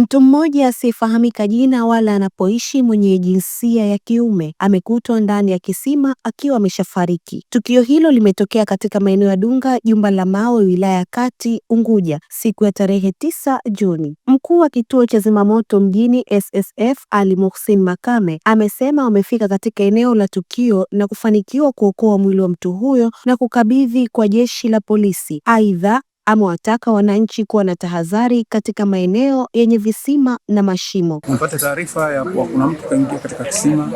Mtu mmoja asiyefahamika jina wala anapoishi mwenye jinsia ya kiume amekutwa ndani ya kisima akiwa ameshafariki. Tukio hilo limetokea katika maeneo ya Dunga, Jumba la Mawe, wilaya ya Kati, Unguja, siku ya tarehe tisa Juni. Mkuu wa kituo cha zimamoto mjini SSF Ali Muhsin Makame amesema wamefika katika eneo la tukio na kufanikiwa kuokoa mwili wa mtu huyo na kukabidhi kwa jeshi la polisi. Aidha, amewataka wananchi kuwa na tahadhari katika maeneo yenye visima na mashimo. Tumepata taarifa ya kuwa kuna mtu kaingia katika kisima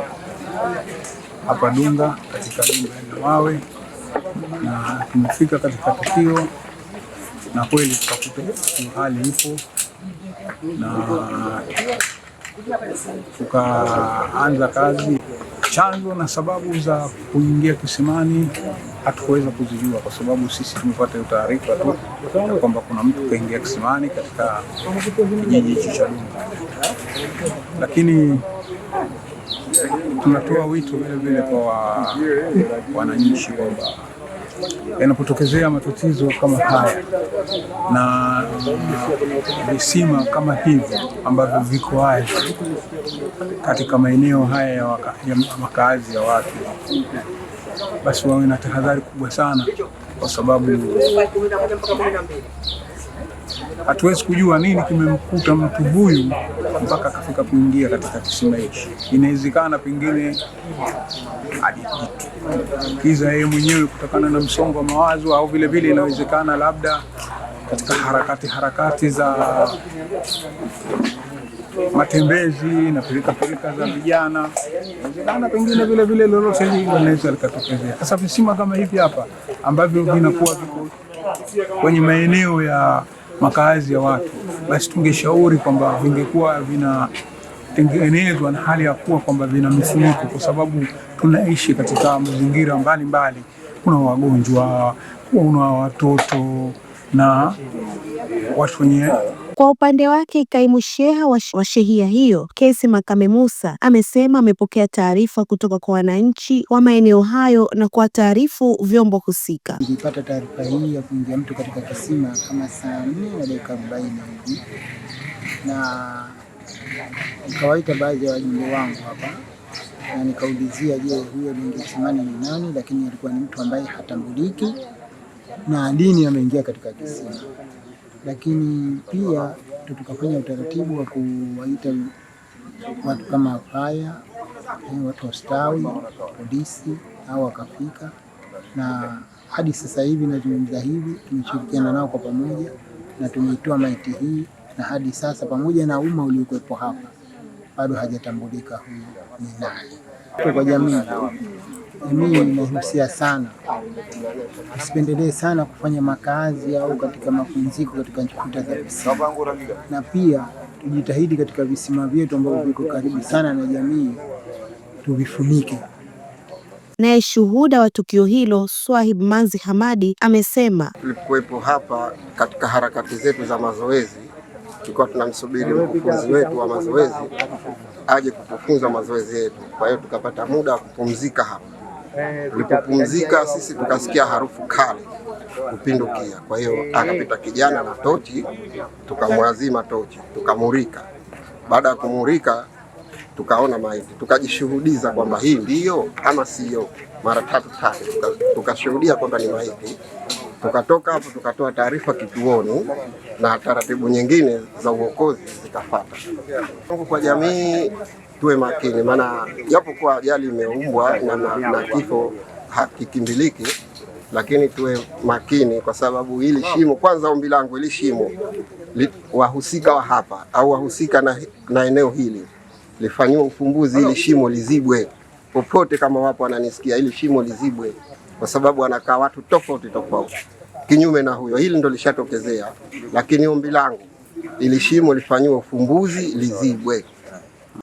hapa Dunga katika Dunga na Mawe, na tumefika katika tukio na kweli tukakuta hali ipo na tukaanza kazi. Chanzo na sababu za kuingia kisimani hatukuweza kuzijua kwa sababu sisi tumepata hiyo taarifa tu ya kwamba kuna mtu kaingia kisimani katika kijiji hicho cha Dunga, lakini tunatoa wito vile vile kwa wananchi kwamba yanapotokezea matatizo kama haya na visima kama hivi ambavyo viko haya katika maeneo haya ya makazi ya watu basi wawe na tahadhari kubwa sana, kwa sababu hatuwezi kujua nini kimemkuta mtu huyu mpaka akafika kuingia katika kisima hichi. Inawezekana pengine alijitukiza yeye mwenyewe kutokana na msongo wa mawazo, au vilevile inawezekana labda katika harakati harakati za matembezi na pilika pilika za vijana, inawezekana pengine vile vile lolote hili linaweza likatokezea. Sasa visima kama hivi hapa ambavyo vinakuwa viko kwenye maeneo ya makazi ya watu, basi tungeshauri kwamba vingekuwa vinatengenezwa na hali ya kuwa kwamba vina mifuniko, kwa sababu tunaishi katika mazingira mbalimbali, kuna wagonjwa, kuna watoto na watu wenye kwa upande wake kaimu sheha wa shehia hiyo Kesi Makame Musa amesema amepokea taarifa kutoka kwa wananchi wa maeneo hayo na taarifu vyombo husika. Nilipata taarifa hii ya kuingia mtu katika kisima kama saa nne na dakika arobaini hivi, na nikawaita baadhi ya wajumbe wangu hapa na nikaulizia, je, huyo ni kisimani ni nani? Lakini alikuwa ni mtu ambaye hatambuliki na dini yameingia katika kisima, lakini pia tukafanya utaratibu wa kuwaita watu kama faya, eh, watu wastawi, polisi au wakafika, na hadi sasa hivi nazungumza hivi, tumeshirikiana nao kwa pamoja na tumeitoa maiti hii, na hadi sasa pamoja na umma uliokuwepo hapa bado hajatambulika huyu ni nani kwa jamii jamii imehusia sana, usipendelee sana kufanya makazi au katika mapumziko katika kuta za visima, na pia tujitahidi katika visima vyetu ambavyo viko karibu sana na jamii tuvifunike. Naye shuhuda wa tukio hilo Swahib Manzi Hamadi amesema, tulikuwepo hapa katika harakati zetu za mazoezi, tulikuwa tunamsubiri mkufunzi wetu wa mazoezi aje kutufunza mazoezi yetu, kwa hiyo tukapata muda wa kupumzika hapa. Tulipopumzika eh, sisi tukasikia harufu kali kupindukia. Kwa hiyo eh. akapita kijana na tochi, tukamwazima tochi, tukamurika. Baada ya kumurika, tukaona maiti, tukajishuhudiza kwamba hii ndiyo ama siyo. Mara tatu tatu tukashuhudia kwamba ni maiti. Tukatoka hapo tukatoa taarifa kituoni na taratibu nyingine za uokozi zikafuata. Kwa jamii tuwe makini, maana japo kuwa ajali imeumbwa na, na, na kifo hakikimbiliki, lakini tuwe makini kwa sababu hili shimo, kwanza ombi langu hili shimo li, wahusika wa hapa au wahusika na, na eneo hili lifanyiwe ufumbuzi, hili shimo lizibwe popote. Kama wapo wananisikia, hili shimo lizibwe kwa sababu wanakaa watu tofauti tofauti kinyume na huyo. Hili ndo lishatokezea, lakini ombi langu ili shimo lifanyiwe ufumbuzi, lizibwe.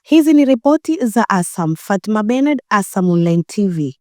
Hizi ni ripoti za Asam. Fatma Bened, Asam Online TV.